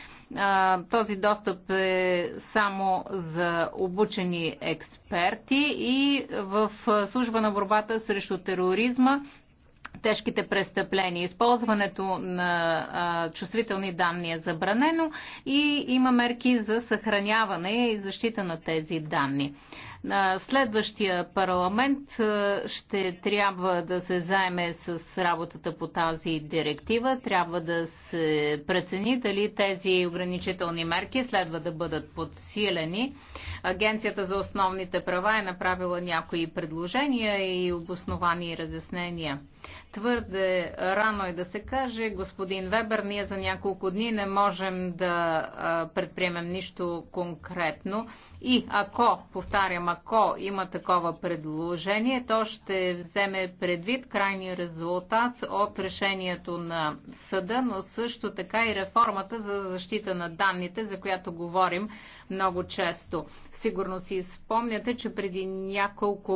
Този достъп е само за обучени експерти и в служба на борбата срещу тероризма тежките престъпления. Използването на а, чувствителни данни е забранено и има мерки за съхраняване и защита на тези данни. На следващия парламент ще трябва да се заеме с работата по тази директива. Трябва да се прецени дали тези ограничителни мерки следва да бъдат подсилени. Агенцията за основните права е направила някои предложения и обосновани разяснения. Твърде рано е да се каже, господин Вебер, ние за няколко дни не можем да предприемем нищо конкретно. И ако, повтарям, ако има такова предложение, то ще вземе предвид крайния резултат от решението на съда, но също така и реформата за защита на данните, за която говорим много често. Сигурно си спомняте, че преди няколко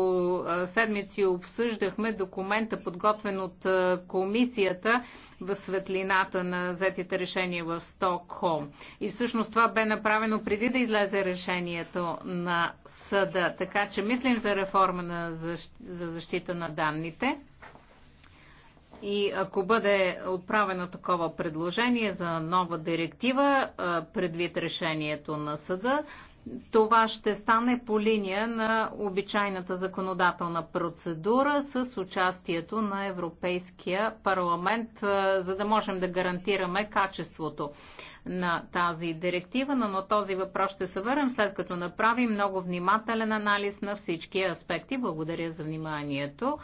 седмици обсъждахме документа, подготвен от комисията в светлината на взетите решения в Стокхолм. И всъщност това бе направено преди да излезе решението на съда. Така че мислим за реформа на защ... за защита на данните. И ако бъде отправено такова предложение за нова директива, предвид решението на съда, това ще стане по линия на обичайната законодателна процедура с участието на Европейския парламент, за да можем да гарантираме качеството на тази директива, но на този въпрос ще се върнем след като направим много внимателен анализ на всички аспекти. Благодаря за вниманието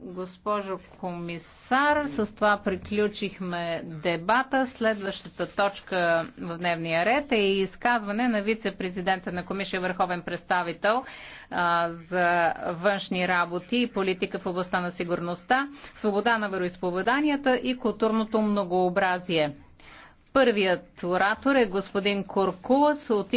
госпожо комисар. С това приключихме дебата. Следващата точка в дневния ред е изказване на вице-президента на Комисия Върховен представител а, за външни работи и политика в областта на сигурността, свобода на вероисповеданията и културното многообразие. Първият оратор е господин Куркулас от